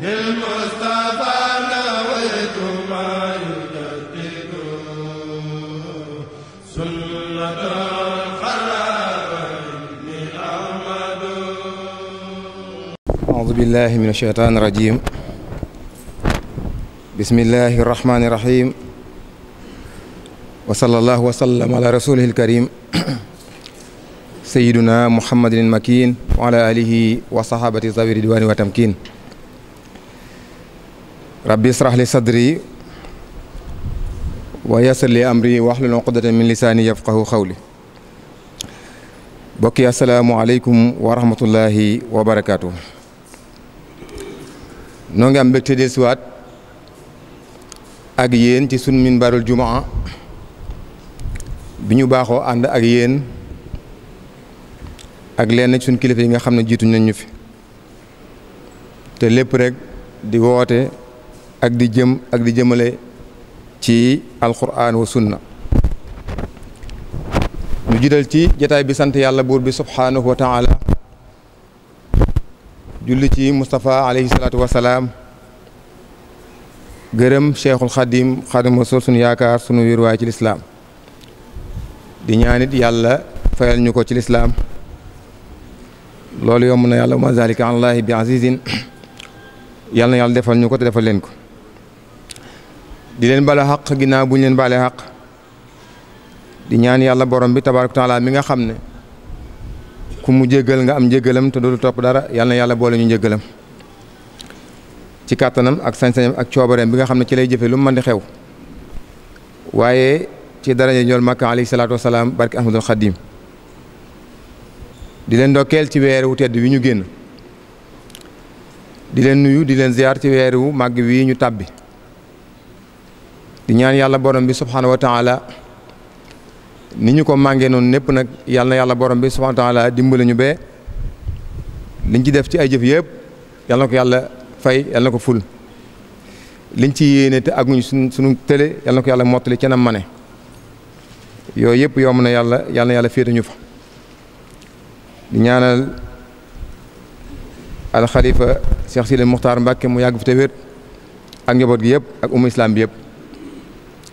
بالله من الشيطان الرجيم بسم الله الرحمن الرحيم وصلى الله وسلم على رسوله الكريم سيدنا محمد المكين وعلى آله وصحابته ذوي الرضوان والتمكين rabbi israh li sadri wa yassir li amri wahlul uqdatan min lisaani yafqahu xawli bokk yi asalaamualeykum wa rahmatullahi wa barakaatu. noo ngi am mbégte dellusiwaat ak yéen ci sunu minbarul jumaa bi ñu baaxoo ànd ak yéen ak lenn ci sunu kilifa yi nga xam ne jiituñ nañ ñu fi te lépp rek di woote. ak di jëm ak di jëmale ci alquran wa sunna ñu jiital ci jataay bi sant yàlla buur bi subhaanahu wa taala julli ci Moustapha aleyhi salaatu wasalaam gërëm cheikhul xadim xadim rasul sunu yaakaar sunu wéeruwaay ci lislaam di ñaanit yàlla fayal ñu ko ci lislaam loolu yomb na yàlla ma zalika alallahi bi azizin yàlla na yàlla defal ñu ko te defal leen ko di leen bala xaq ginnaaw bu ñu leen balee xaq di ñaan yàlla borom bi tabaaraka taala mi nga xam ne ku mu jéggal nga am njéggalam te dootu topp dara yàlla na yàlla boole ñu njéggalam ci kàttanam ak sañ ak coobareem bi nga xam ne ci lay jëfe lu mu mën di xew waaye ci daraja ñool Makka alayhi salaatu wasalaam barki Ahmadul Xadim di leen ndokkeel ci weer wu tedd wi ñu génn di leen nuyu di leen ziyaar ci weer wu màgg wi ñu tàbbi di ñaan yàlla borom bi subhaanahu wa taala ni ñu ko màngee noonu népp nag yàlla yàlla borom bi subhaanahu wa taala dimbali ñu bee liñ ci def ci ay jëf yëpp yàlla na ko yàlla fay yàlla na ko ful liñ ci yéene te aguñu suñ suñu télé yàlla na ko yàlla mottali ca mane yooyu yëpp yomb na yàlla yàlla na yàlla féete ñu fa di ñaanal alxalifa Cheikh Sidi Muxtaar Mbàkke mu yàgg fi te wér ak njaboot gi yëpp ak umu islam bi yëpp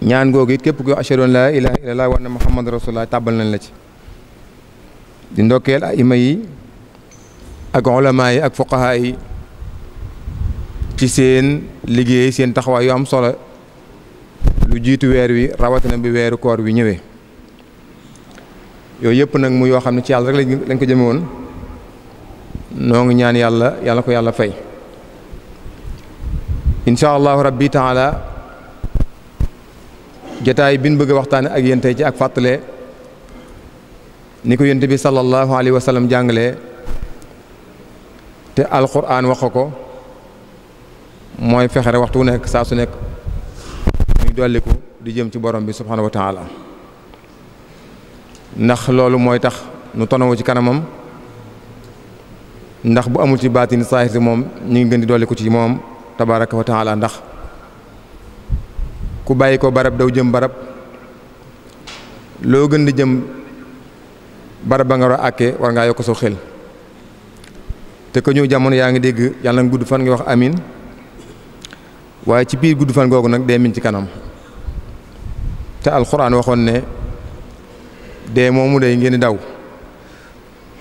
ñaan googu it képp ko ashhadu an laa ilaaha illallaah wa anna muhammad rasulullaah tàbbal nañ la ci di ndokkeel aima yi ak ulama yi ak fuqaha yi ci seen liggéey seen taxawaay yu am solo lu jiitu weer wi rawatina bi weeru koor wi ñëwee yooyu yëpp nag mu yoo xam ne ci yàlla rek lañ ko jëme woon noo ñaan yàlla yàlla ko yàlla fay incha allahu rabbi taala jotaay bi ñu bëgg a waxtaane ak yéen ci ak fàttale ni ko yonent bi sallallahu alayhi wa sallam jàngalee te alquran wax ko mooy fexe waxtu wu nekk saa su nekk muy dolliku di jëm ci borom bi subhanahu wa taala ndax loolu mooy tax nu tonawu ci kanamam ndax bu amul ci baatin saahir si moom ñu ngi gën di dolliku ci moom tabaraka wa ndax ku bàyyi ko barab daw jëm barab loo gën di jëm barab ba nga war a àkke war ngaa yokk soo xel te ko ñëw jamono yaa ngi dégg yàlla na gudd fan ngi wax amin waaye ci biir gudd fan googu nag dee min ci kanam te alxuraan waxoon ne dee moomu day ngeen di daw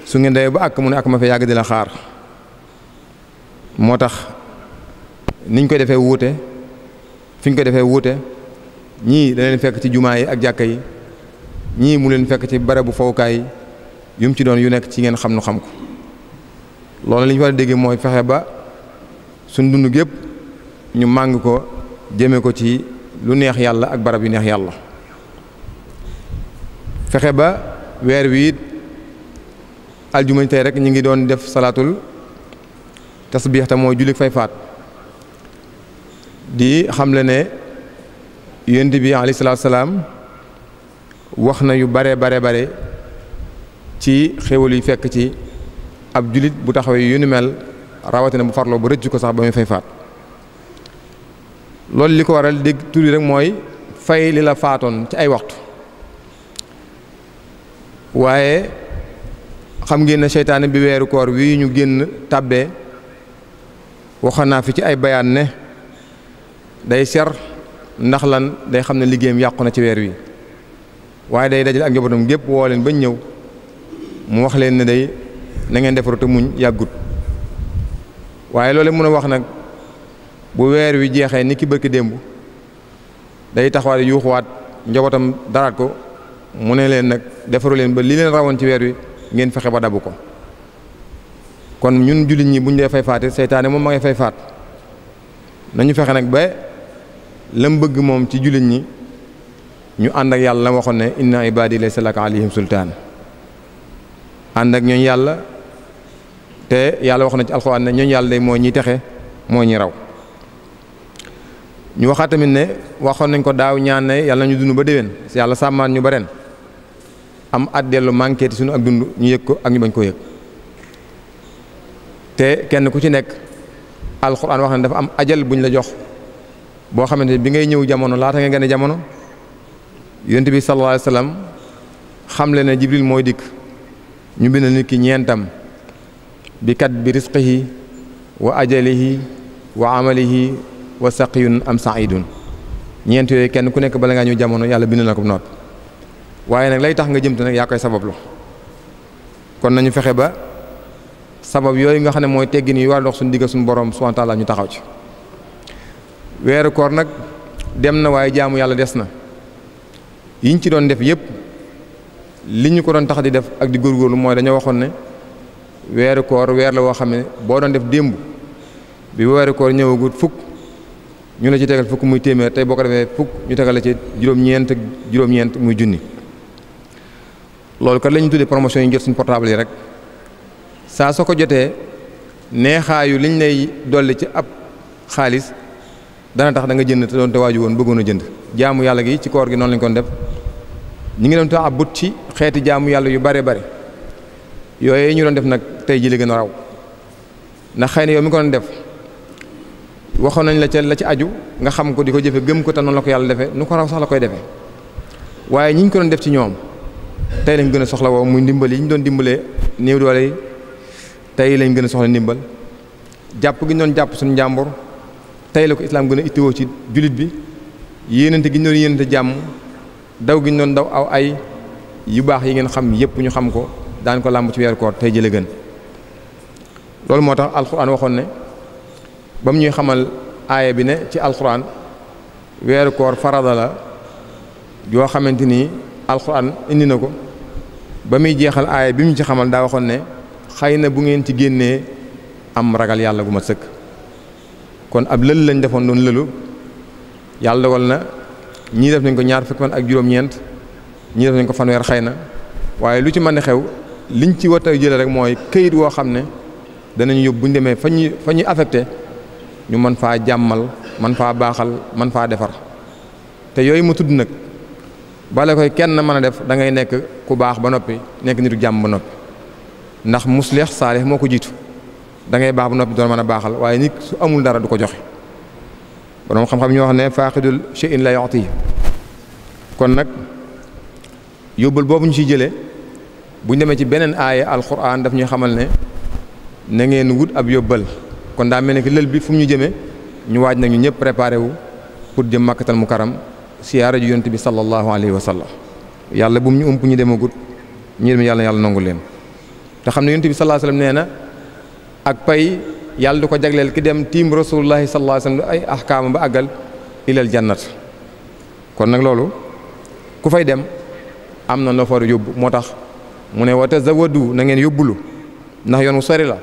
su ngeen dee ba àkk mu ne ak ma fa yàgg dina xaar moo tax niñ koy defee wuute fi ñu ko defee wuute ñii da leen fekk ci jumaa yi ak jàkka yi ñii mu leen fekk ci barabu fowukaay yu mu ci doon yu nekk ci ngeen xam nu xam ko loolu li ñu war a dégg mooy fexe ba suñ dund gépp ñu màng ko jëme ko ci lu neex yàlla ak barab yu neex yàlla fexe ba weer wi it aljumañ tey rek ñu ngi doon def salaatul tasbiix te mooy jullit fay faat di xamle ne yonent bi alayhi salaam wax na yu bare bare bare ci xéwal yu fekk ci ab julit bu taxawee yu ni mel rawatina bu farloo bu rëcc ko sax ba muy fay faat loolu li ko waral dégg tur yi mooy fay li la faatoon ci ay waxtu waaye xam ngeen seytaane bi weeru koor wi ñu génn tàbbee waxoon naa fi ci ay bayaan ne day ser ndax lan day xam ne liggéeyam yàqu na ci weer wi waaye day dajale ak njabootam gépp woo leen bañ ñëw mu wax leen na day na ngeen defaru te muñ yàggut waaye loole mën a wax nag bu weer wi jeexee ni ki bërki démb day taxawaat yuuxuwaat njabootam daraat ko mu ne leen nag defaru leen ba li leen rawoon ci weer wi ngeen fexe ba dabu ko kon ñun jullit ñi bu ñu dee fay faate seytaane moom ma ngay fay faat nañu fexe nag ba lam bëgg moom ci jullit ñi ñu ànd ak yàlla la waxoon ne inna ibadi laysa laka alayhim sultaan ànd ak ñooñu yàlla te yàlla wax na ci alxuraan ne ñooñu yàlla day moo ñuy texe moo ñi raw ñu waxaat tamit ne waxoon nañ ko daaw ñaan ne yàlla ñu dund ba déwén si yàlla sàmmaan ñu ba ren am at dellu manqué ti suñu ak dund ñu yëg ko ak ñu bañ koo yëg te kenn ku ci nekk alxuraan wax na dafa am ajal bu ñu la jox boo xamante ni bi ngay ñëw jamono laata nga gane jamono yonent bi sallallahu alayhi wasallam xamle ne jibril mooy dikk ñu bind nit ki ñeentam bi kat bi risqihi wa ajalihi wa amalihi wa yun am saidun ñeent yooyu kenn ku nekk bala ngaa ñuy jamono yàlla bind na ko noot waaye nag lay tax nga jëm te nag yaa koy sabablu kon nañu fexe ba sabab yooyu nga xam ne mooy teggin yu war a dox suñu digg suñu borom subhanahu wa ñu taxaw ci weeru koor nag dem na waaye jaamu yàlla des na yiñ ci doon def yépp li ñu ko doon tax di def ak di góorgóorlu mooy dañoo waxoon ne weeru koor weer la woo xam ne boo doon def démb bi weeru koor ñëwagut fukk ñu la ci tegal fukk muy téeméer tey boo ko defee fukk ñu tegal la ci juróom-ñeent juróom-ñeent muy junni loolu kat la tuddee promotion yi jot suñu portable yi rek saa soo ko jotee neexaayu liñ lay dolli ci ab xaalis dana tax danga nga jënd te doon te waaju woon bëggoona a jënd jaamu yàlla gi ci koor gi noonu lañ kon def ñu ngi doon tax ab but ci xeeti jaamu yàlla yu bare bare yooyu ñu doon def nag tey ji la gën a raw ndax xëy na yow mi ko def waxoon nañ la ca la ci aju nga xam ko di ko jëfe gëm ko te noonu la ko yàlla defe nu ko raw sax la koy defee waaye ñi ñu ko doon def ci ñoom tey lañ gën a soxla woo muy ndimbal yi ñu doon dimbalee néew doole yi tey lañ gën a soxla ndimbal jàpp gi ñu doon jàpp suñu njàmbur tey la ko islaam gën a ittiwoo ci jullit bi yéenante gin ñu doon yéenante jàmm daw gi ñu doon daw aw ay yu baax yi ngeen xam yépp ñu xam ko daan ko làmb ci weeru koor tey jële gën loolu moo tax alxuraan waxoon ne ba mu ñuy xamal aaya bi ne ci alxuraan weeru koor farada la yoo xamante ni alxuraan indi na ko ba muy jeexal aaya bi mu ci xamal daa waxoon ne xay na bu ngeen ci génnee am ragal yàlla gu ma sëkk kon ab lël lañ defoon doon lëlu yàlla dogal na ñii def nañ ko ñaar fukki fan ak juróom-ñeent ñii def nañ ko fanweer xëy na waaye lu ci mën a xew liñ ci wot a jëlee rek mooy këyit woo xam ne danañ yóbbu bu ñu demee fa ñuy fa ñuy affecté ñu mën faa jàmmal man faa baaxal man faa defar te yooyu mu tudd nag bala koy kenn mën a def dangay nekk ku baax ba noppi nekk nitu jàmm ba noppi ndax muslix saalix moo ko jiitu. da ngay baax bu noppi doon mën a baaxal waaye nit su amul dara du ko joxe borom xam-xam ñoo wax ne faaqidul shay'in la yu'ti kon nag yóbbal boobu ñu ciy jëlee bu ñu demee ci beneen aaya alquran daf ñuy xamal ne na ngeen wut ab yóbbal kon daa mel ne ki lël bi fu mu ñu jëmee ñu waaj nag ñu ñëpp préparé wu pour jëm màkkatal mu karam siyaara ju yonent bi sallallahu alayhi wa sallam yàlla bu mu ñu ump ñu demagut ñu dem yàlla yàlla nangu leen te xam ne yonent ak pay yàlla du ko jagleel ki dem tiim rasulullahi sallallahu alayhi wasallam ay ahkaam ba àggal ilal jannat kon nag loolu ku fay dem am na noo fa yóbbu moo tax mu ne wa tazawwadu na nangeen yóbbulu ndax yoon wu sori la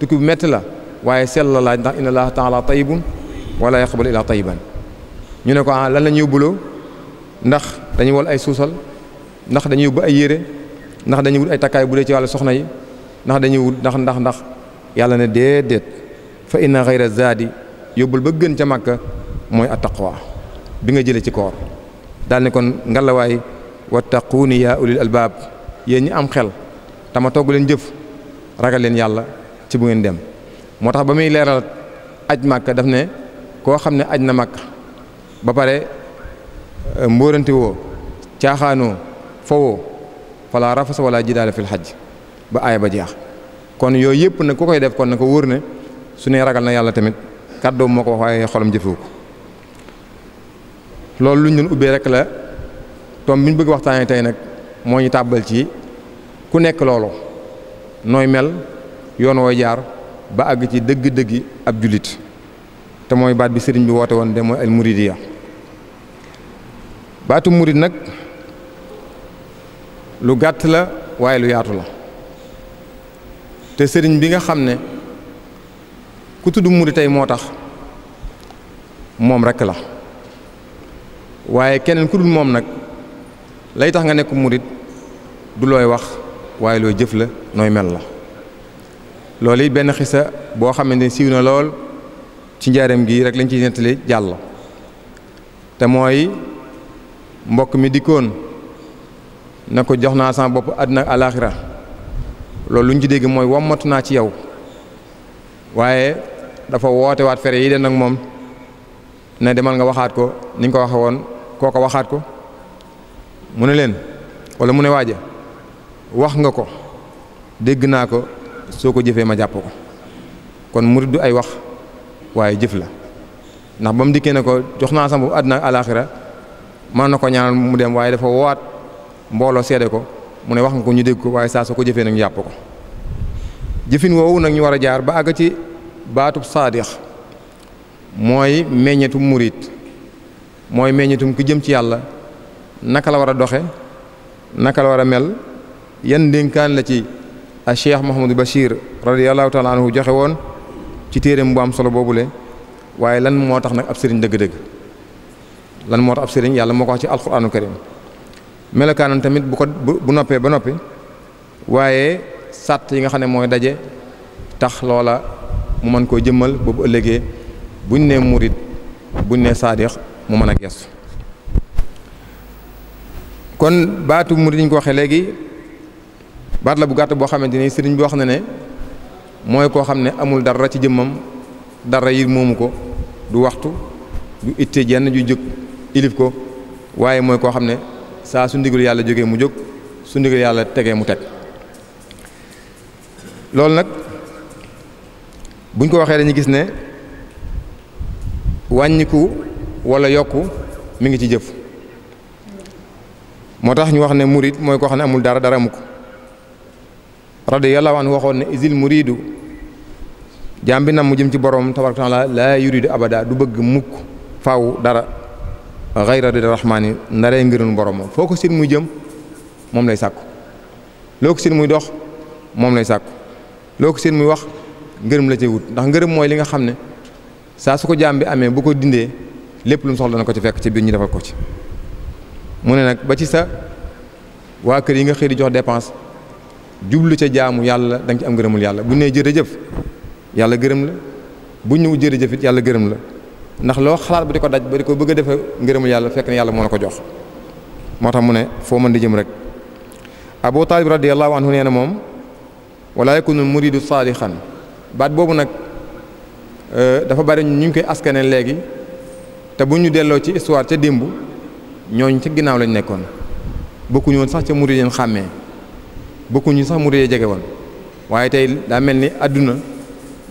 tukki bu metti la waaye sell la laaj ndax inna allaha taala tayyibun wala yaqbalu illa tayyiban ñu ne ko ah lan la ñu yóbbuloo ndax dañuy wol ay suusal ndax dañuy yóbbu ay yére ndax dañu wut ay takkaay bu dee ci wàllu soxna yi ndax dañuy wut ndax ndax ndax yàlla ne déedéet fa inna xayra zaadi yóbbul ba gën ca màkka mooy attaqwa bi nga jëlee ci koor daal ne kon ngalawaay wattaquuni yaa ulil albaab yéen ñi am xel tama togg leen jëf ragal leen yàlla ci bu ngeen dem moo tax ba muy leeral aj màkka daf ne koo xam ne aj na màkka ba pare euh, mbóorante woo caaxaanoo fowoo falaa rafasa wala jidaala fil xaj ba aaya ba jeex kon yooyu yëpp nag ku koy def kon na ko wër ne su ne ragal na yàlla tamit kàddoom moo ko wax waaye xolam jëfewu ko loolu lu ñu doon ubbee rek la tom bi ñu bëgg waxtaanee tey nag moo ñu tàbbal ci ku nekk loolu nooy mel yoon wooy jaar ba àgg ci dëgg-dëggi ab jullit te mooy baat bi sëriñ bi woote woon de mooy al muridiya baatu murid nag lu gàtt la waaye lu yaatu la te sëriñ bi nga xam ne ku tudd muri moo tax moom rekk la waaye keneen ku dul moom nag lay tax nga nekk murit du looy wax waaye looy jëf la nooy mel la lool it benn xisa boo xamante ni siiw na lool ci njaareem gi rek lañ ci nettali jàll te mooy mbokk mi dikkoon na ko jox naa sama bopp àddina ak alaaxira loolu lu ñu ci dégg mooy wommatu naa ci yow waaye dafa woote waat fere yi den nag moom ne demal nga waxaat ko ni ko waxe woon kooko waxaat ko mu ne leen wala mu ne waaja wax nga ko dégg naa ko soo ko jëfee ma jàpp ko kon murid du ay wax waaye jëf la ndax ba mu dikkee ne ko jox naa sama àdduna ak alaaxira man na ko ñaan mu dem waaye dafa wowaat mbooloo seede ko mu ne wax nga ko ñu dégg ko waaye saa soo ko jëfee nag ñu yàpp ko jëfin woowu nag ñu war a jaar ba àgg ci baatub saadix mooy meññetum murit mooy meññetum ki jëm ci yàlla naka la war a doxe naka la war a mel yan dénkaan la ci a cheikh Mouhamadou Bachir radiyallahu taala anhu joxe woon ci téereem bu am solo boobu boobule waaye lan moo tax nag ab sëriñ dëgg-dëgg lan moo tax ab sëriñ yàlla moo ko wax ci alquranu karim melokaanam tamit bu ko bu noppee ba noppi waaye sàtt yi nga xam ne mooy daje tax loola mu mën koo jëmmal ba bu ëllëgee buñ nee murit buñ nee saadix mu mën a gestu kon baatu murit ñu ko waxee léegi baat la bu gàtt boo xamante ni sëriñ bi wax na ne mooy koo xam ne amul dara ci jëmmam dara yi moomu ko du waxtu du itte jenn ju jóg ilif ko waaye mooy koo xam ne saa su ndigal yàlla jóge mu jóg su ndigal yàlla tegee mu teg loolu nag buñ ko waxee dañu gis ne wàññiku walla yokk mu ngi ci jëf moo tax ñu wax ne murid mooy koo xam ne amul dara dara mu ko radiyallahu anhu waxoon ne isil muridu jaam bi nam mu jëm ci borom tabaraka taala laa yuridu abada du bëgg mukk faaw dara xayra di rahmaani naree ngërëm boromam foo ko sin muy jëm moom lay sàkku loo ko sin muy dox moom lay sàkku loo sin muy wax ngërëm la ci wut ndax ngërëm mooy li nga xam ne saa su ko jaam bi amee bu ko dindee lépp lu mu soxla na ko ci fekk ci biir ñu defal ko ci mu ne nag ba ci sa waa kër yi nga xëy di jox dépense jublu ca jaamu yàlla da nga ci am ngërëmul yàlla bu nee jëf yàlla gërëm la bu ñëw jërëjëf it yàlla gërëm la ndax loo xalaat ba di ko daj ba di ko bëgg a defe ngërëmul yàlla fekk ne yàlla moo la ko jox moo tax mu ne foo mën di jëm rek abu taalib radiallahu anhu nee na moom wala yakunu muridu saadixan baat boobu nag euh, dafa bari ñu ngi koy askane léegi te bu ñu delloo ci histoire ca démb ñooñu ca ginnaaw lañ nekkoon bokkuñu woon sax ca murid yeen xàmmee bokkuñu sax murid yee jege woon waaye tey daa mel ni àdduna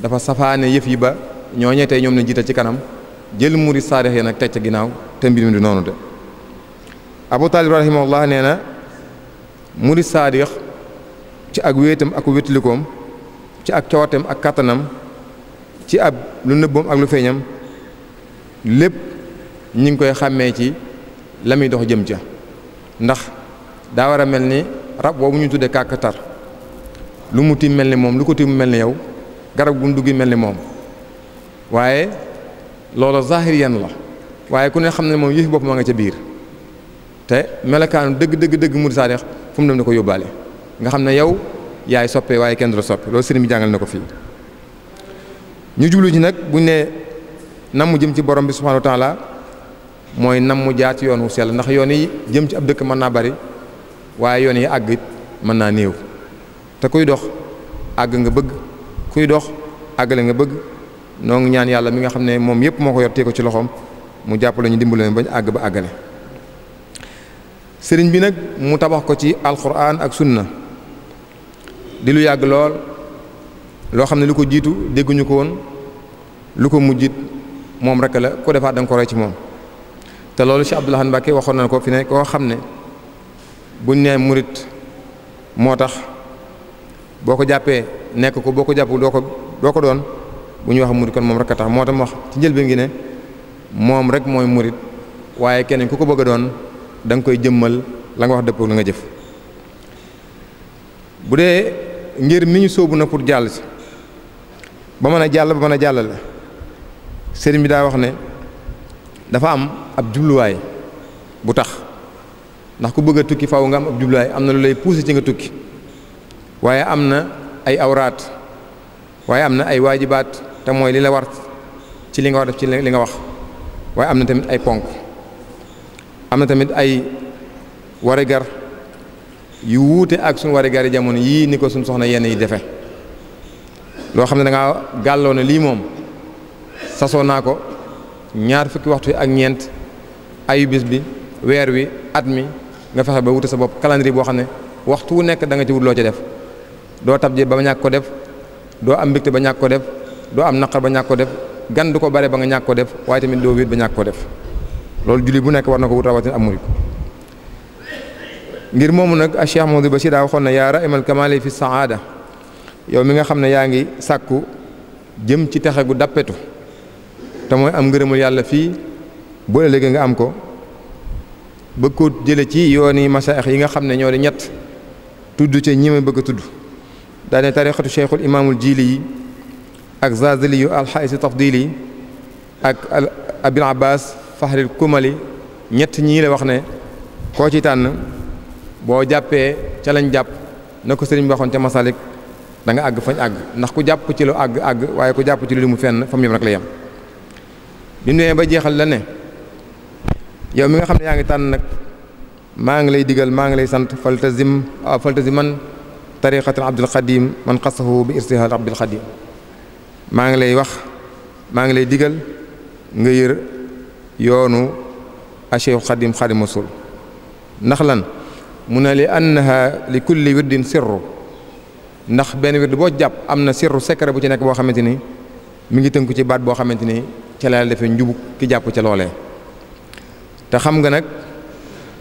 dafa safaane yëf yi ba ñoo ñooñee tey ñoom lañ jiital ci kanam jël murid saadix ya nag teg ca ginnaaw te mbir mi di noonu de Abu Taalib nee na murid saadix ci ak wéetam ak wétlikoom ci ak cowateem ak kàttanam ci ab lu nëbboom ak lu feeñam lépp ñu ngi koy xàmmee ci la muy dox jëm ca ndax daa war a mel ni rab boobu ñu tuddee kàkkatar lu mu tiim mel ni moom lu ko tiim mel ni yow garab gu mu mel ni moom waaye loola zahir yan la waaye ku ne xam ne moom yëfi bopp ma nga ca biir te melokaanu dëgg dëgg dëgg murid saadix fu mu dem na ko yóbbaale nga xam ne yow yaay soppe waaye kenn du la soppe loolu sëriñ bi jàngal na ko fii ñu jublu ci nag buñ ne namm jëm ci borom bi subhanahu wa taala mooy namm jaar ci yoon wu sell ndax yoon yi jëm ci ab dëkk mën naa bari waaye yoon yi àgg it mën naa néew te kuy dox àgg nga bëgg kuy dox àggale nga bëgg noo ñaan yàlla mi nga xam ne moom yëpp moo ko yor ko ci loxoom mu jàpp ñu dimbale bañ àgg ba àggale sëriñ bi nag mu tabax ko ci alquran ak sunna di lu yàgg lool loo xam ne lu ko jiitu dégguñu ko woon lu ko mujjit moom rek la ko defaat da ko roy ci moom te loolu Cheikh Abdoul Ahad Mbacké waxoon na ko fi ne koo xam ne buñ nee murit moo tax boo ko jàppee nekk ko boo ko jàpp ko doo ko doon bu ñu wax murit kon moom rek a tax moo tax wax ci njëlbeen gi ne moom rek mooy murit waaye keneen ku ko bëgg a doon danga koy jëmmal la nga wax dëppoo la nga jëf bu dee ngir mi ñu sóobu na pour jàll si ba mën a jàll ba mën a jàllale sëriñ bi daa wax ne dafa am ab jubluwaay bu tax ndax ku bëgg a tukki faw nga am ab jubluwaay am na lu lay poussé ci nga tukki waaye am na ay awraat waaye am na ay waajibaat te mooy li la war ci li nga war def ci li nga wax waaye am na tamit ay ponk am na tamit ay waregar yu wuute ak suñu waregar yi jamono yii ni ko suñu soxna yenn yi defe loo xam ne danga ngaa gàlloo ne lii moom sasoo naa ko ñaar fukki waxtu yi ak ñeent ay bis bi weer wi at mi nga fexe ba wute sa bopp calendrier boo xam ne waxtu wu nekk danga nga wut loo ci def doo tab je ba ñàkk ko def doo am mbégte ba ñàkk ko def doo am naqar ba ñàkk ko def gan du ko bare ba nga ñàkk ko def waaye tamit doo wéet ba ñàkk ko def loolu julli bu nekk war na ko wut rawatina am murit ngir moomu nag a Cheikh Mamadou Bachir daa waxoon na yaa ra'imal kamaali fi saada yow mi nga xam ne yaa ngi sàkku jëm ci texe gu dappetu te mooy am ngërëmul yàlla fii bu ëllëgee nga am ko bëgg ko jële ci yooni masaax yi nga xam ne ñoo di ñett tudd ca ñi ma bëgg a tudd daane tarixatu cheikhul imaamul jiili ak zazali yu alxaysi tafdili ak abil abbas fahril kumali ñett ñii la wax ne koo ci tànn boo jàppee ca lañ jàpp na ko sëriñ bi waxoon ca masalik da àgg fañ àgg ndax ku jàpp ci lu àgg àgg waaye ku jàpp ci lu mu fenn fa mu yem rek la yem bi mu nee ba jeexal la ne yow mi nga xam ne yaa ngi tànn nag maa ngi lay digal maa ngi lay sant faltazim faltaziman tariqatal abdul xadim man xasahu bi irtihal abdul xadim maa ngi lay wax maa ngi lay digal nga yër yoonu Cheikh Xadim Xadim ndax lan mu ne li annaha li kulli wirdin sirru ndax benn wird boo jàpp am na sirru secret bu ci nekk boo xamante ni mi ngi tënku ci baat boo xamante ni ca la ki jàpp ca loole te xam nga nag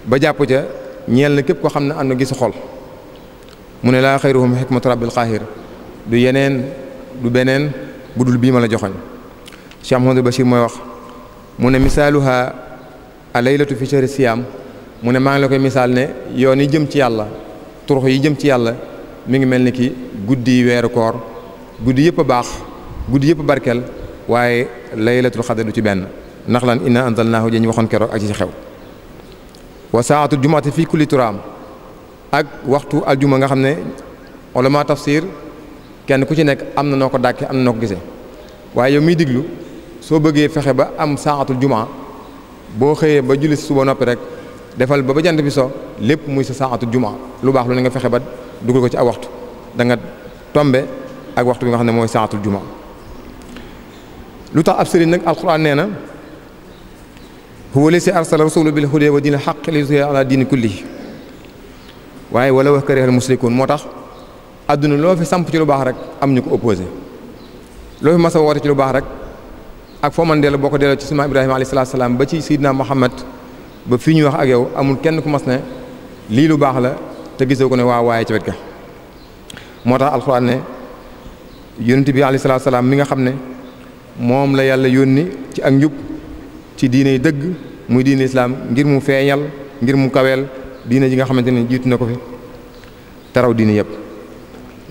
ba jàpp ca ñeel na képp koo xam ne am na gis xol mu ne laa xayruhum xikmatu rabbil qaahir du yeneen du beneen bu dul bii ma la joxoñ Cheikh Mouhamadou Bachir mooy wax mu ne misaaluha alaylatu fi shahri siyaam mu ne maa ngi la koy misaal ne yoon yi jëm ci yàlla turux yi jëm ci yàlla mi ngi mel ni ki guddi weeru koor guddi yëpp a baax guddi yëpp a barkeel waaye laylatul xadar du ci benn ndax lan inna anzalnaahu ji ñu waxoon keroog ak ci xew wa saatu jumaati fii kulli turaam ak waxtu aljuma nga xam ne ulama tafsir kenn ku ci nekk am na noo ko dàkke am na noo ko gisee waaye yow miy diglu soo bëggee fexe ba am saaxatul jumaa boo xëyee ba julli suba noppi rek defal ba ba jant bi so lépp muy sa saaxatul jumaa lu baax lu ne nga fexe ba dugal ko ci ak waxtu danga tombe ak waxtu bi nga xam ne mooy saaxatul jumaa lu tax ab sëriñ nag alquran nee na huwa lasi arsala rasulu bil huda wa diinil haqq li yuzhirahu ala diini kullihi waaye wala wa karihal mushrikuun moo tax àdduna loo fi samp ci lu baax rek am ñu ko opposé loo fi mas woote ci lu baax rek ak foo man delloo boo ko delloo ci suma Ibrahima alayhi salaatu salaam ba ci Seydina Muhammad ba fii ñuy wax ak yow amul kenn ku mas ne lii lu baax la te gisoo ko ne waa waaye ca wet ga moo tax alxuraan ne yonent bi alayhi salaatu salaam mi nga xam ne moom la yàlla yónni ci ak njub ci diine dëgg muy diine islaam ngir mu feeñal ngir mu kaweel diine ji nga xamante ne jiitu na ko fi taraw diine yëpp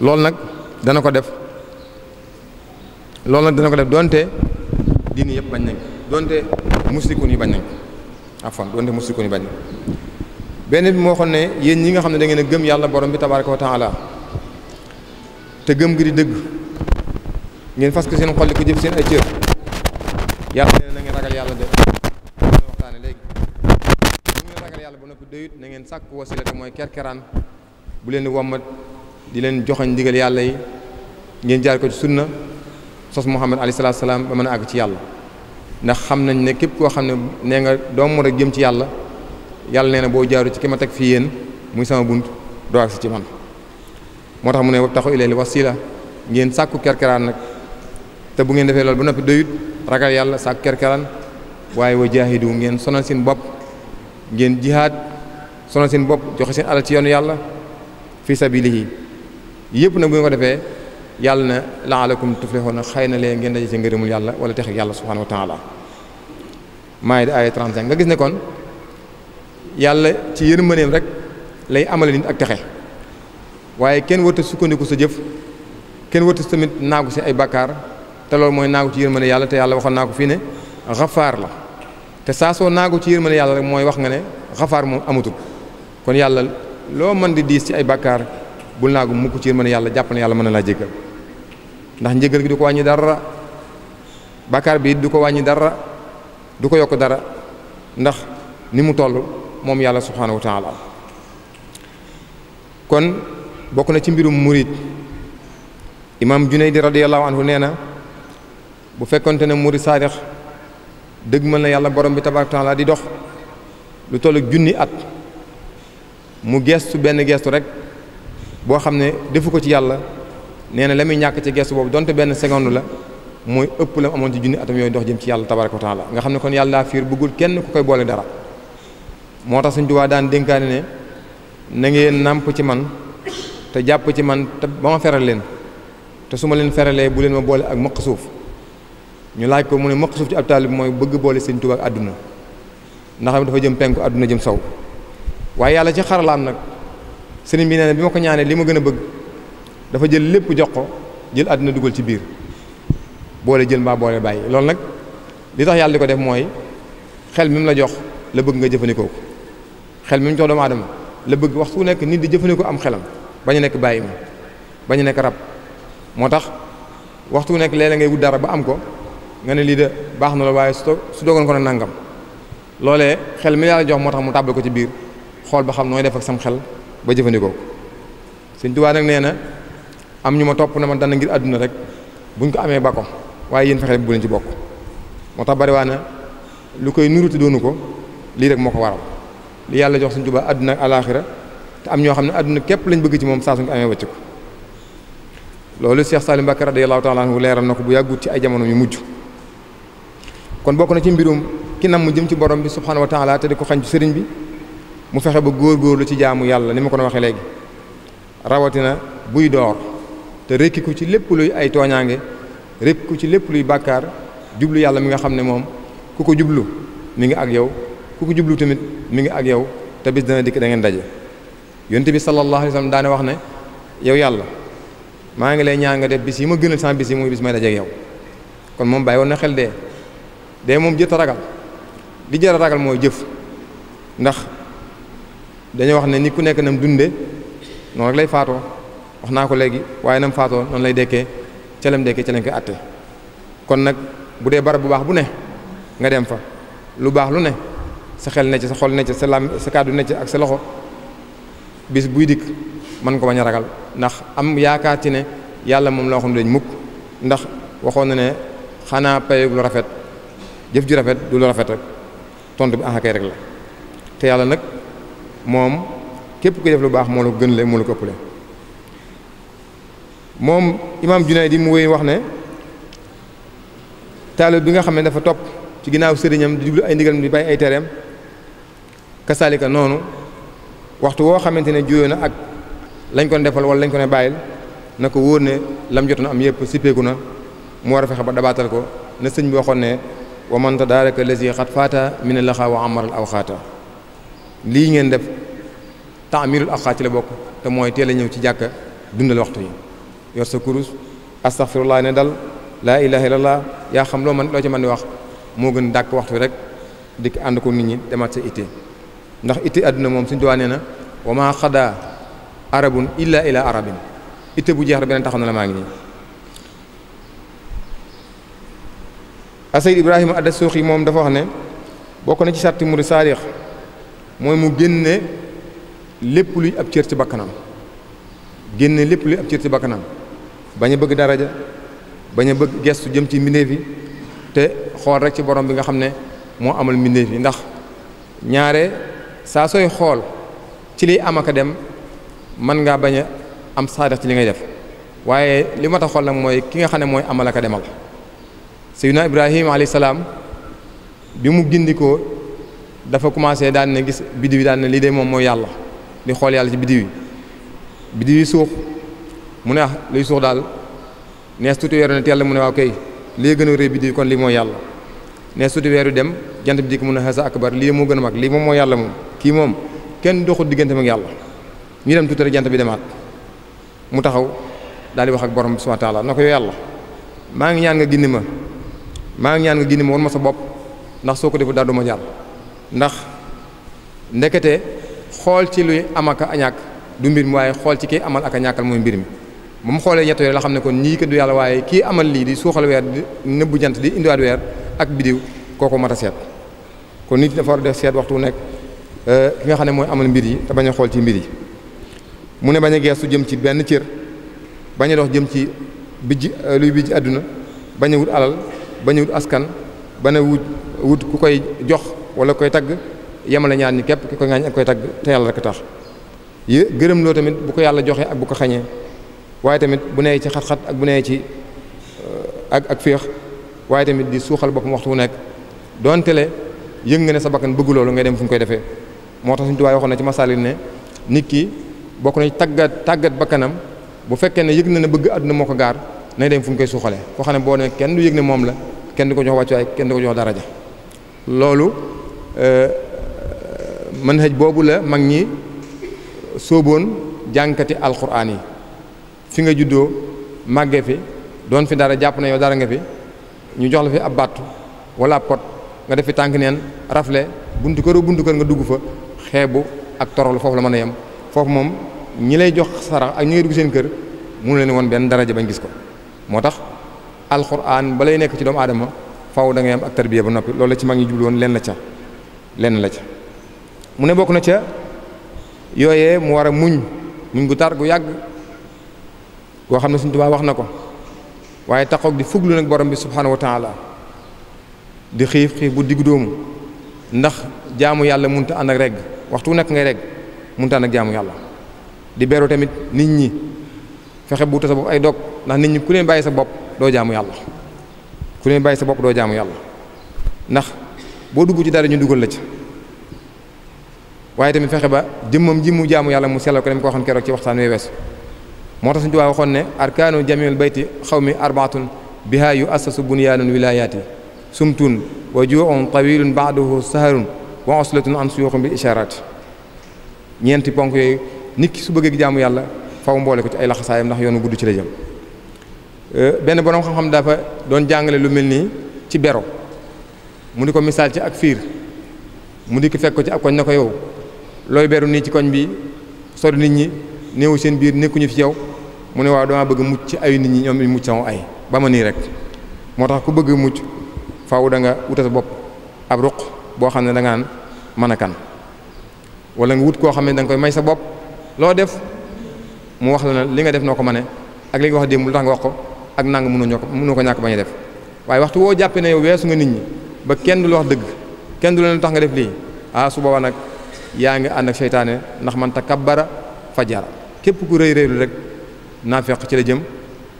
loolu nag dana ko def loolu nag dana ko def donte diini yëpp bañ nañ donte musrikuun yi bañ nañ afwan donte musrikuun yi bañ nañ benn bi moo xoon ne yéen ñi nga xam ne da ngeen gëm yàlla borom bi tabaaraka wa taala te gëm gi di dëgg ngeen fas ko seen xolli ko jëf seen ay cër yàlla nee na ngeen ragal yàlla de waxtaane léegi bu ngeen ragal yàlla bu noppi doyut na ngeen sàkk wasila te mooy kerkeraan bu leen di wommat di leen joxoñ ndigal yàlla yi ngeen jaar ko ci sunna sos Muhammad alayhi salaatu salaam ba mën a àgg ci yàlla ndax xam nañ ne képp koo xam ne nee nga doomu a jëm ci yàlla yàlla nee na boo jaaru ci ki ma teg fii yéen muy sama bunt doo àgg ci man moo tax mu ne wabtaxu ilayhi wasila ngeen sàkku kerkeraan nag te bu ngeen defee loolu ba noppi doyut ragal yàlla sàkku kerkeraan waaye wa jaahidu ngeen sonal seen bopp ngeen jihaad sonal seen bopp joxe seen alal ci yoonu yàlla fi sabilihi yépp nag bu ñu ko defee yàlla na laalakum tuflihuna xëy na xay na lee ngeen daje ci ngërëmul yàlla wala texe yàlla subhanahu wa taala maay di ay 35 nga gis ne yàlla ci yërmandeem rek lay amale ak texe waaye kenn warta sukkandiku sa jëf kenn warta tamit naagu si ay bakkaar te loolu mooy naagu ci yërmande yàlla te yàlla waxoon naa fii ne xafaar la te saa soo naagu ci yërmande yàlla rek mooy wax nga ne xafaar moom amatul kon yàlla loo mën di diis ci ay bakkaar bu naagu mukk ci mën yàlla jàpp ne yàlla mën na laa jéggal ndax njëgal gi du ko wàññi dara bàkkaar bi du ko wàññi dara du ko yokk dara ndax ni mu toll moom yàlla subhaanahu wa taala kon bokk na ci mbirum murit murid imaam Junayd radiyallahu anhu nee na bu fekkonte ne murid saadix dëgg mën na yàlla borom bi tabaaraka taala di dox lu toll junni at mu geestu benn geestu rek boo xam ne defu ko ci yàlla nee na la muy ñàkk ci gestu boobu donte benn seconde la mooy ëpp la mu amoon ci junni atam yooyu dox jëm ci yàlla ko wa la nga xam ne kon yàlla fiir bëggul kenn ku koy boole dara moo tax suñ tubaa daan dénkaane ne na ngeen nàmp ci man te jàpp ci man te ba ma feral leen te su ma leen feralee bu leen ma boole ak maq suuf ñu laaj ko mu ne maq ci ab taalib mooy bëgg boole sëñ tubaa ak àdduna ndax dafa jëm penku àdduna jëm saw sëriñ bi nee bi ma ko ñaanee li ma gën a bëgg dafa jël lépp jox ko jël àdduna dugal ci biir boole jël mbaa boole bàyyi loolu nag li tax yàlla di ko def mooy xel mi mu la jox la bëgg nga jëfandikoo ko xel mi mu jox doomu aadama la bëgg waxtu wu nekk nit di jëfandikoo am xelam bañu nekk bàyyi mu bañu nekk rab moo tax waxtu wu nekk léeg-léeg ngay wut dara ba am ko nga ne lii de baax na la waaye su su dogoon ko ne nangam loolee xel mi yàlla jox moo tax mu tàbbal ko ci biir xool ba xam def ak sam xel ba jëfandikoo ko sëñ Tuubaa nag nee na am ñu ma topp na ma dana ngir àdduna rek buñ ko amee ba waaye yéen fexe bu leen ci bokk moo tax bari waa na lu koy nuru te doonu ko lii rek moo ko waral li yàlla jox sëñ Tuubaa àdduna ak alaaxira te am ñoo xam ne àdduna képp lañ bëgg ci moom saa suñ ko amee wàcc ko loolu Cheikh Salim Mbacké radiyallahu taala anhu leeral na ko bu yàggut ci ay jamono yu mujj kon bokk na ci mbirum ki nam mu jëm ci borom bi subxanahu wa taala te ko xañ ci sëriñ bi. mu fexe ba góor-góorlu ci jaamu yàlla ni ma ko waxee léegi rawatina buy door te rekki ko ci lépp luy ay tooñaange rekki ko ci lépp luy bàkkaar jublu yàlla mi nga xam ne moom ku ko jublu mi ngi ak yow ku ko jublu tamit mu ngi ak yow te bis dana dikk da ngeen daje yonent bi sallallahu alayhi wa sallam daane wax ne yow yàlla maa ngi lay ñaan nga def bis yi ma gënal sama bis yi muy bis may dajeeg yow kon moom bàyyi woon na xel dee dee moom jëtt a ragal li jar a ragal mooy ndax dañoo wax ne ni ku nekk nam dunde noonu rek lay faatoo wax naa ko léegi waaye nam faatoo noonu lay dekkee ca dekkee ca lañ koy atte kon nag bu dee barab bu baax bu ne nga dem fa lu baax lu ne sa xel ne ci sa xol ne ci sa lam sa kàddu ci ak sa loxo bis buy dikk mën ko bañ a ragal ndax am yaakaar ci ne yàlla moom la xam dañ mukk ndax waxoon na ne xanaa payug lu rafet jëf ju rafet du lu rafet rek tontu bi axakay ah, rek la te yàlla nag moom képp kuy def lu baax moo la ko gën le moo la ko ëppale moom imaam Junayd di mu wéy wax ne taalib bi nga xam ne dafa topp ci ginnaaw sëriñam di jublu ay ndigalam di bàyyi ay tereem kasaalika noonu waxtu woo xamante ne juyoo na ak lañ ko defal wala lañ ko ne bàyyil na ko wóor ne lam na am yëpp sippeeku na mu war a fexe ba dabaatal ko ne sëñ bi waxoon ne wa man tadaaraka lazi xat faata min laxa wa amaral aw xaata lii ngeen def taamirul awqaat ci la bokk te mooy teel a ñëw ci jàkka dundal waxtu yi yor sa kurus astaghfirullah ne dal laa ilaha illallah yaa xam loo man loo ci mën di wax moo gën dàkk waxtu rek dikk ànd ko nit ñi demaat sa ittee ndax ittee àdduna moom suñu tuwaa nee na wa maa xadaa arabun illa ila arabin ittee bu jeex rek beneen taxaw na la maa ngi nii asayid ibrahima adda suuxi moom dafa wax ne bokk na ci sàtti muri saarix mooy mu génne lépp luy ab cër ci bakkanam génne lépp luy ab cër ci bakkanam bañ a bëgg daraja bañ a bëgg gestu jëm ci mbindeef yi te xool rek ci borom bi nga xam ne moo amal mbindeef yi ndax ñaare saa sooy xool ci liy am aka dem mën ngaa bañ a am saadax ci li ngay def waaye li ma tax xool nag mooy ki nga xam ne mooy amal aka demal Seydina Ibrahima alayhi salaam bi mu gindikoo dafa commencé daan na gis biddiw yi daan na lii de moom mooy yàlla di xool yàlla ci biddiw yi biddiw yi suux mu ne ah luy suux daal nees tuuti weeru ne teel mu ne waaw kay lee gën a rëy biddiw yi kon lii moo yàlla nees tuuti weeru dem jant bi dikk mun a xasa akbar lii moo gën a mag lii moom moo yàlla moom kii moom kenn doxul diggante mag yàlla ñu dem tuuti jant bi demaat mu taxaw daal di wax ak borom subhanahu wa taala na ko yàlla maa ngi ñaan gindi ma maa ngi gindi ma ma sa bopp ndax soo ko defee daal du ma jàll ndax ndekete xool ci luy am ak a ñàkk du mbir mi waaye xool ci kii amal ak a ñàkkal mooy mbir mi ba xoolee ñett yooyu la xam ne kon ñii kat du yàlla waaye kii amal lii di suuxal weer di nëbbu jant di indiwaat weer ak bidiw kooku mat a seet kon nit dafa war a def seet waxtu nekk euh, ki nga xam ne mooy amal mbir yi te bañ xool ci mbir yi mu ne bañ a geestu jëm ci benn cër bañ a dox jëm ci bijj euh, luy bijj àdduna bañ wut alal bañ wut askan bañ wu wut ku koy jox wala koy tagg yemale ñaar ñi képp ki koy ŋaañ ak koy tagg te yàlla rek tax yë gërëm loo tamit bu ko yàlla joxee ak bu ko xañee waaye tamit bu nee ci xat-xat ak bu nee ci euh, ak ak féex waaye tamit di suuxal boppam waxtu wu nekk donte le yëng nga ne sa bakkan bëgg loolu ngay dem fu ñu koy defee moo tax suñu tubaab na ci masalil ne nit ki bokk na ci tàggat tàggat bakkanam bu fekkee ne yëg na ne bëgg àdduna moo ko gaar nay dem fu ñu koy suuxalee foo xam ne boo ne kenn du yëg ne moom la kenn du ko jox wàccuwaay kenn du ko jox daraja loolu man euh, manhaj boobu la mag ñi sóoboon jànkati alquran yi fi nga juddoo màggee fi doon fi dara jàpp na yow dara nga fi ñu jox la fi ab bàttu wala pot nga def fi tànk neen rafle buntu kër buntu kër nga dugg fa xeebu ak torol foofu la mën a yem foofu moom ñi lay jox sarax ak ñi ngay dugg seen kër mënu leen woon benn daraja bañ gis ko moo tax alquran balay nekk ci doomu aadama faw da ngay am ak tarbiya ba noppi loolu ci mag ñi jublu woon leen la ca lenn la ca mu ne bokk na ca yooyee mu war a muñ muñ gu tar gu yàgg goo xam ne suñ Tuubaa wax na ko waaye taxoog di fuglu nag borom bi subhaanahu wa di xiif xiif bu digg doomu ndax jaamu yàlla munta ànd ak regg waxtu nekk ngay regg munta ànd ak jaamu yàlla di beru tamit nit ñi fexe bu sa bopp ay dog ndax nit ñi ku leen bàyyi sa bopp doo jaamu yàlla ku leen bàyyi sa bopp doo jaamu yàlla ndax boo dugg ci dara ñu dugal la ci waaye tamit fexe ba jëmmam ji mu jaamu yàlla mu sellal ko dem ko waxoon keroog ci waxtaan wi moo tax suñu Tuubaa waxoon ne arkaanu jamiil bayti xaw mi arbaatun bihaa yu assasu bunyaanun wilaayaati sumtun wa juu'un tawilun ba'duhu saharun wa oslatun an suyuuxum bi ishaaraat ñeenti ponk yooyu nit ki su bëggeek jaamu yàlla faw mboole ko ci ay laxasaayam ndax yoonu gudd ci la jëm euh, benn boroom xam-xam dafa doon jàngale lu mel nii ci bero mu di ko misaal ci ak fiir mu di ko fekk ko ci ak koñ na ko yow looy beru nii ci koñ bi sori nit ñi néewu seen biir nekkuñu fi yow mu ne waaw damaa bëgg mucc ci ayu nit ñi ñoom ñu mucc sama ay ba ma nii rek moo tax ku bëgg mucc faaw da nga wutal sa bopp ab ruq boo xam ne da ngaan mën a kan wala nga wut koo xam ne da koy may sa bopp loo def mu wax la na li nga def noo ko mane ak li nga wax démb lu ko ak nang mënoo ñoo ko mënoo ko ñàkk bañ a def waaye waxtu woo jàppee ne yow weesu nga nit ñi ba kenn du la wax dëgg kenn du la tax nga def lii ah su boobaa nag yaa ngi ànd ak seytaane ndax man takk takabbara fajara képp ku rëy rëylu rek naa naafeq ci la jëm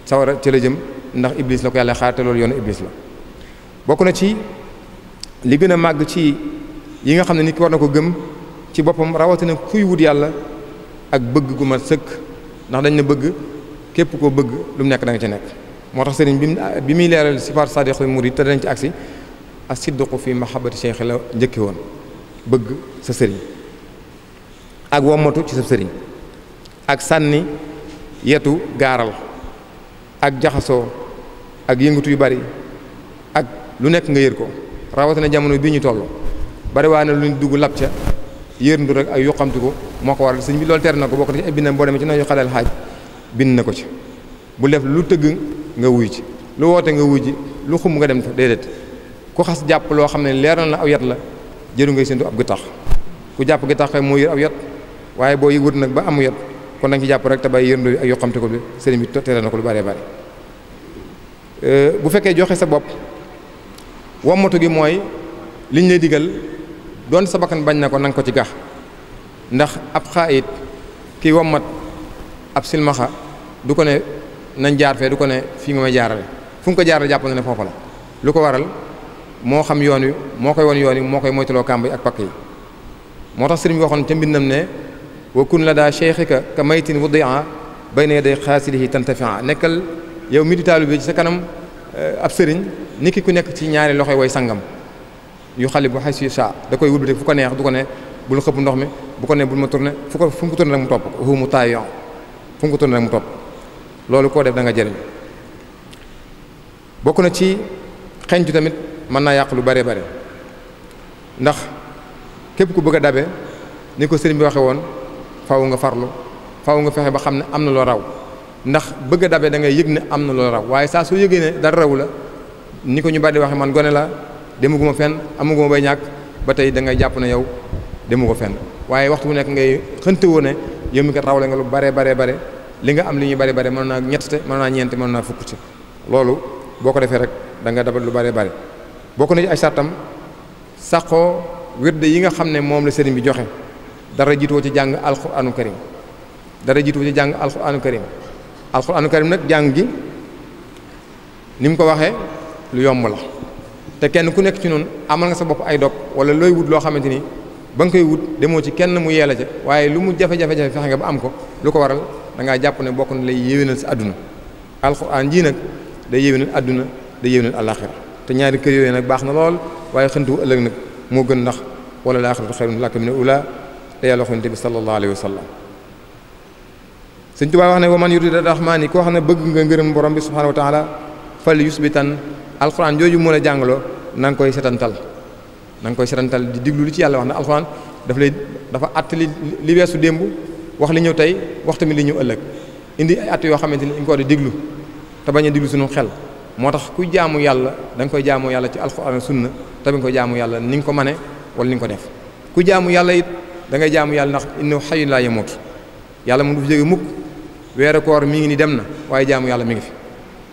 sawara ci la jëm ndax iblis la ko yàlla xaar te loolu yoonu iblis la bokk na ci li gën a màgg ci yi nga xam ne nit ko war na ko gëm ci boppam rawatina kuy wut yàlla ak bëgg gu ma sëkk ndax dañ ne bëgg képp koo bëgg lu nekk da nga ci nekk moo tax sëriñ bi bi muy leeral sifaat sadiq murid te dañ ci agsi asidduqu fi mahabbati cheikh la njëkke woon bëgg sa sëriñ ak wommatu ci sa sëriñ ak sànni yetu gaaral ak jaxasoo ak yëngatu yu bari ak lu nekk nga yér ko na jamono bii ñu toll bari waa ne lu ñu dugg lab ca yërndu rek ak yoqamti ko moo ko waral a bi loolu ter na ko bokk na ci ay bindam boo ci nañu xalal xaaj bind na ko ci bu def lu tëgg nga wuy ci lu woote nga wuy ji lu xum nga dem déedéet ku xas jàpp loo xam ne leeral na aw yat la jëru ngay séntu ab gi tax ku jàpp gi tax moo yër aw yat waaye boo wut nag ba amu yat kon da ci jàpp rek te bàyyi yërndo bi ak yoqamte ko bi sëriñ bi tere ko lu bëree bëri euh, bu fekkee joxe sa bopp wammatu gi mooy liñ lay digal doon sa bakkan bañ na ko nanga ko ci gax ndax ab xaayit kii wammat ab silmaxa du ko ne nañ jaar fee du ko ne fii nga may jaarale fu nga ko jaarale jàpp na ne foofa la lu ko waral moo xam yoon wi moo koy won yoon wi moo koy moytuloo kàmb yi ak pakk yi moo tax sëriñ bi waxoon ca mbindam ne wa kun la daa cheikhika ka maytin wudia bayna yaday xaasilihi tantafia nekkal yow mi di taalibe bi ci sa kanam eh, ab sëriñ nit ki ku nekk ci ñaari loxoy woy sangam yu xale bu xay si sa da koy wulbite fu ko neex du ko ne bul xëpp ndox mi bu ko ne bul ma tourné fu ko fu mu ko tourné rek mu topp hu mu taayon fu mu ko mu topp loolu koo def da nga jëriñ bokk na ci xencu tamit mën naa yàq lu bare bare ndax képp ku bëgg a dabe ni ko sëriñ bi waxe woon faaw nga farlu faaw nga fexe ba xam ne am na loo raw ndax bëgg a dabe da ngay ne am na loo raw waaye saa soo yëgee ne dara raw la ni ko ñu bari di man gone la demaguma fenn amaguma bay ñàkk ba tey da ngay jàpp ne yow demu ko fenn waaye waxtu bu nekk ngay xënte woo ne yow mi kat rawle nga lu bare bare bare li nga am li ñuy bare bare mën naa ñett te man naa ñeent mën naa fukk loolu boo ko defee rek da nga dabal lu bare bare bokk na ci ay sartam saxoo wirde yi nga xam ne moom la sëriñ bi joxe dara jiitoo ci jàng alquranu karim dara jiitoo ci jàng alquranu karim alquranu karim nag jàng gi ni mu ko waxee lu yomb la te kenn ku nekk ci noonu amal nga sa bopp ay dog wala looy wut loo xamante ni ba nga koy wut demoo ci kenn mu yeela ca waaye lu mu jafe-jafe-jafe fexe nga ba am ko lu ko waral da jàpp ne bokk na lay yéwénal sa àdduna alquran jii nag day yéwénal àdduna day yéwénal àllaaxira te ñaari kër yooyu nag baax na lool waaye xëntu ëllëg nag moo gën ndax wala la axiratu xayrun laka min ula te yàlla xonte bi sallallahu alayhi wa sallam sëñ Tuubaa wax ne wa man yuridu rahmaani koo xam ne bëgg nga ngërëm borom bi subhanahu wa taala fal yusbitan alquran jooju mu la jàngaloo na nga setantal na nga koy setantal di diglu ci yàlla wax ne alquran daf lay dafa att li li weesu démb wax li ñëw tey wax tamit li ñu ëllëg indi ay att yoo xamante ni ñu ko di diglu te bañ a diglu suñu xel moo tax ku jaamu yàlla dañ koy jaamu yàlla ci alxuraan sunna te bi nga koy yàlla ni nga ko mane wala ni ko def ku jaamu yàlla it da ngay jaamu yàlla ndax innahu hayyun laa yamuut yàlla mu du fi jóge mukk mi ngi ni dem na waaye jaamu yàlla mi ngi fi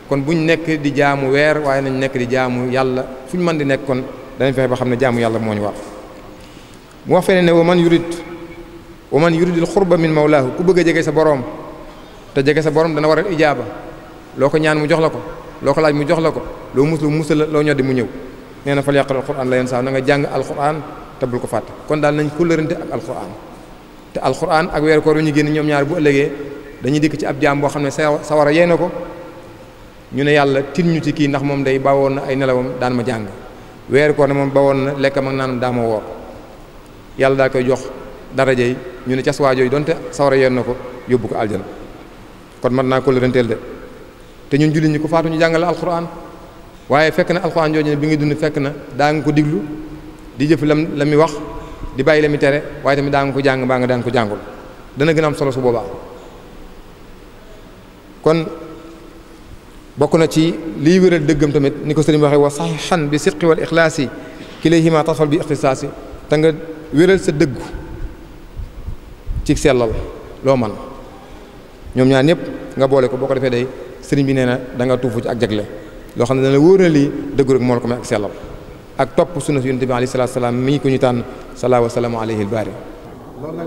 kon buñ nekk di jaamu weer waaye nañ nekk di jaamu yàlla fu ñu mën di nekk kon danañ fexe ba xam ne jaamu yàlla moo ñu war mu wax feneen ne wa man yurid wa man yuridil xurba min mawlaahu ku bëgg a jege sa boroom te jege sa boroom dana waral ijaaba loo ko ñaan mu jox la ko loo ko laaj mu jox la ko loo mus lu la loo ñoddi mu ñëw nee na fal yàqara alquran la yenn saa na nga jàng alquran te bul ko fàtte kon daal nañ kóllërante ak alquran te alquran ak weeru koor ñu génn ñoom ñaar bu ëllëgee dañuy dikk ci ab jaam boo xam ne sawara yey na ko ñu ne yàlla tin ñu ci kii ndax moom day bawoon na ay nelawam daan ma jàng weeru koor ne moom bawoon na lekkam ak naanam daa ma woor yàlla daa koy jox dara yi ñu ne cas waajooyu donte sawara yeen na ko yóbbu ko aljana kon mën naa kóllëranteel de te ñun jullit ñi ku faatu ñu jàngale alquran waaye fekk na alquran jooju ne bi nga dund fekk na daa nga ko diglu di jëf lam la mi wax di bàyyi la mi tere waaye tamit daa nga ko jàng baa nga daan ko jàngul dana gën am solo su boobaa kon bokk na ci liy wéral dëggam tamit ni ko sëriñ waxee wa saxihan bi sidqi wal ixlaasi kilayhima sol bi ixtisaasi te nga wéral sa dëggu ci sellal loo man ñoom ñaan ñëpp nga boole ko boo ko defee day sëriñ bi nee na da tuufu ci ak jagle loo xam ne dana wóor na lii dëgg rek moo la ko may ak sellal ak topp sunna si yonent bi alayhi salaatu salaam mi ngi ko ñu tànn salaa wa salaamu alayhi al baari loolu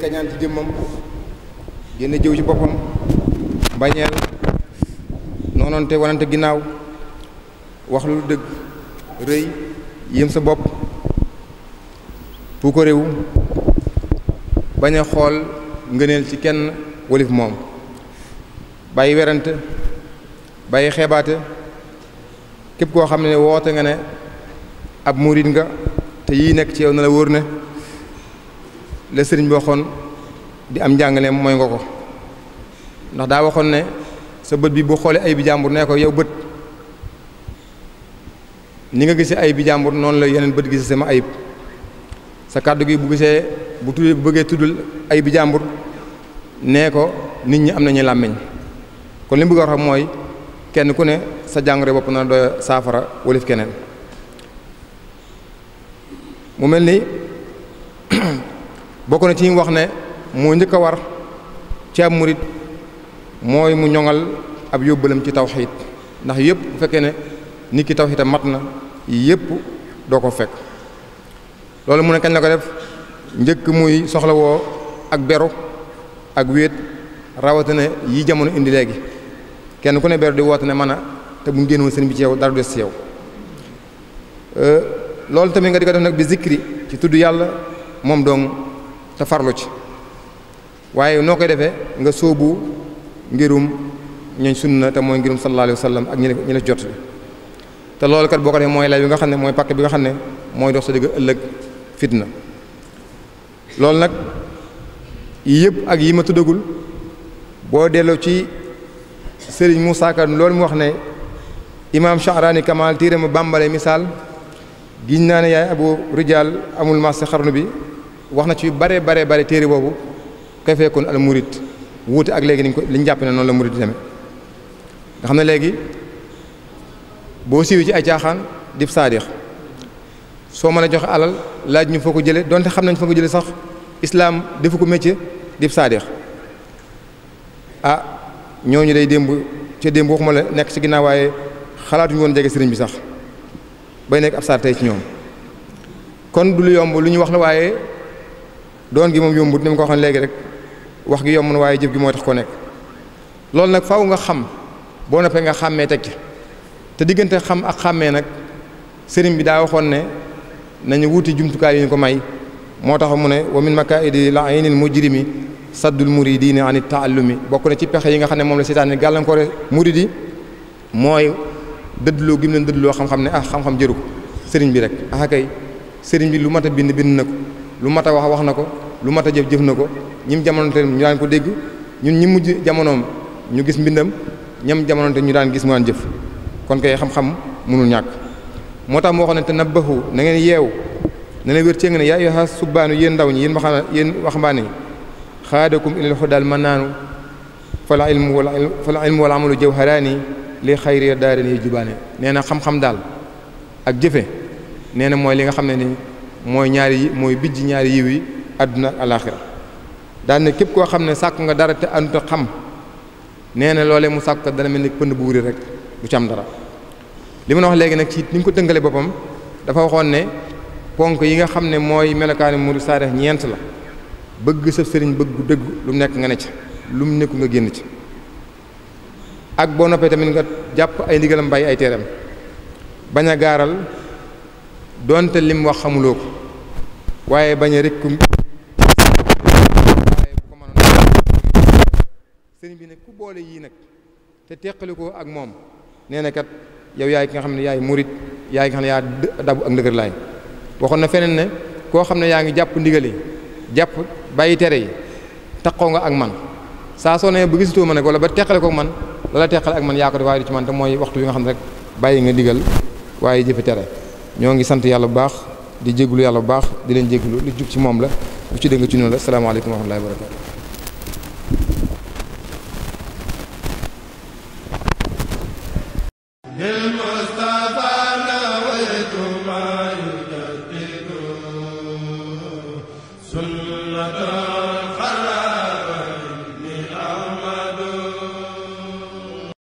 kañaan ci jëmmam génn jëw ci boppam mbañeel noonoonte wanante ginnaaw wax lu dëgg rëy yéem sa bopp bu ko réew bañ a xool ngëneel ci kenn wolif moom bay werante bay xeebaate képp koo xam ne woote nga ne ab murit nga te yii nekk ci yow na la wóor ne la sëriñ bi waxoon di am njàngaleem mooy nga ko ndax daa waxoon ne sa bët bi bu xoolee ay bi jàmbur nee ko yow bët ni nga gisee ay bi jàmbur noonu la yeneen bët gisee sama ayib sa kàddu gi bu gisee bu tuddee bu bëggee tuddul ay bi jàmbur nee ko nit ñi am nañu làmmiñ kon li mu bëgg a wax mooy kenn ku ne sa jàngoro bopp na doy saafara walif keneen mu mel ni bokk ne ci ñu wax ne moo njëkk a war ci ab murit mooy mu ñoŋal ab yóbbalam ci tawxiit ndax yëpp bu fekkee ne nit ki tawxiitam mat na yëpp doo ko fekk loolu mu ne kañ la ko def njëkk muy soxlawoo ak beru ak wéet rawatina yi jamono indi léegi kenn ku ne beru di woote ne mën a te bu ngénnoon seen bi ci yow dara des ci yow euh, loolu tamit nga di ko def nag bi zikri ci tudd yàlla moom dong te farlu ci waaye noo koy defee nga sóobu ngirum ñooñ sunna te mooy ngirum sallallahu alayhi wa sallam ak ñi ñi la jot te loolu kat boo ko defee mooy lay bi nga xam ne mooy pakk bi nga xam ne mooy dox sa digg ëllëg fitna loolu nag yii yëpp ak yi ma tuddagul boo delloo ci sëriñ mu Ka loolu mu wax ne imaam Sha'rani Kamal tiire mu bàmbale misaal giñ naa ne yaay abu rijaal amul mas xarnu bi wax na ci bare bare bare téere boobu kay fekkoon al murit wuute ak léegi niñ ko liñ jàpp ne noonu la murit di nga xam ne léegi boo siiwee ci ay caaxaan dib saadix soo mën a joxe alal laaj ñu foo ko jëlee donte xam nañ foo ko jëlee sax islaam defu ko métier di saadix ah ñooñu day démb ca démb waxuma la nekk ci ginnaaw waaye xalaatuñu woon jege sëriñ bi sax bay nekk ab saar tey ci ñoom kon du lu yomb lu ñu wax la waaye doon gi moom yombut ni ma ko waxoon léegi rek wax gi yomb na waaye jëf gi moo tax ko nekk loolu nag faw nga xam boo noppee nga xàmmee teg ci te diggante xam ak xàmmee nag sëriñ bi daa waxoon ne nañu wuti jumtukaay yu ñu ko may moo tax mu ne wa min makaidi la aynil mujrimi saddul muridina anit taallumi bokk na ci pexe yi nga xam ne moom la seytaane gàllankoore di mooy dëddloo gim leen dëddloo xam-xam ne ah xam-xam jëru ko sëriñ bi rek ah kay sëriñ bi lu mat a bind bind na ko lu mat a wax a wax na ko lu mat a jëf jëf na ko ñim jamono te ñu daan ko dégg ñun ñi mujj jamonoom ñu gis mbindam ñam jamono te ñu daan gis mu jëf kon xam-xam mënul ñàkk moo tax moo waxoon ne te na ngeen yeew na leen wér cee nga ne yaa ayyuha subbaanu yéen ndaw ñi yéen waxaa yéen waxambaane xaadakum ilal hudaal mannaanu fala ilmu wala fala ilmu wala amalu jawharaani li xayri daarin yi jubaane nee na xam-xam daal ak jëfe nee na mooy li nga xam ne ni mooy ñaari mooy bijj ñaari yiw yi àdduna ak alaaxira daal ne képp koo xam ne sàkk nga dara te ànduta xam nee na loolee mu sàkku dana mel ni pënd buur wuri rek du ci am dara li ma wax léegi nag ci ni ñu ko dëngale boppam dafa waxoon ne ponk yi nga xam ne mooy melokaani murid saadix ñeent la bëgg sa sëriñ bëgg dëgg lu nekk nga ne ca lu mu nekku nga génn ci ak boo noppee tamit nga jàpp ay ndigalam bàyyi ay teeram bañ a gaaral donte lim wax xamuloo ko waaye bañ a rek sëriñ bi nag ku boole yii nag te teqali ko ak moom neenakat yow yaay ki nga xam ne yaay murit yaay ki nga xam ne yaa dabu ak ndëgër waxoon na feneen ne koo xam ne yaa ngi jàpp ndigal yi jàpp bàyyi tere yi taqoo nga ak man saa soo nee ba gisatoo ma nag wala ba teqale ko man lala teqale ak man yaa ko def waaye du ci man te mooy waxtu bi nga xam ne rek bàyyi nga ndigal waaye jëfe tere ñoo ngi sant yàlla bu baax di jéglu yàlla bu baax di leen jéglu lu jub ci moom la lu ci dëng ci noonu la salaamaaleykum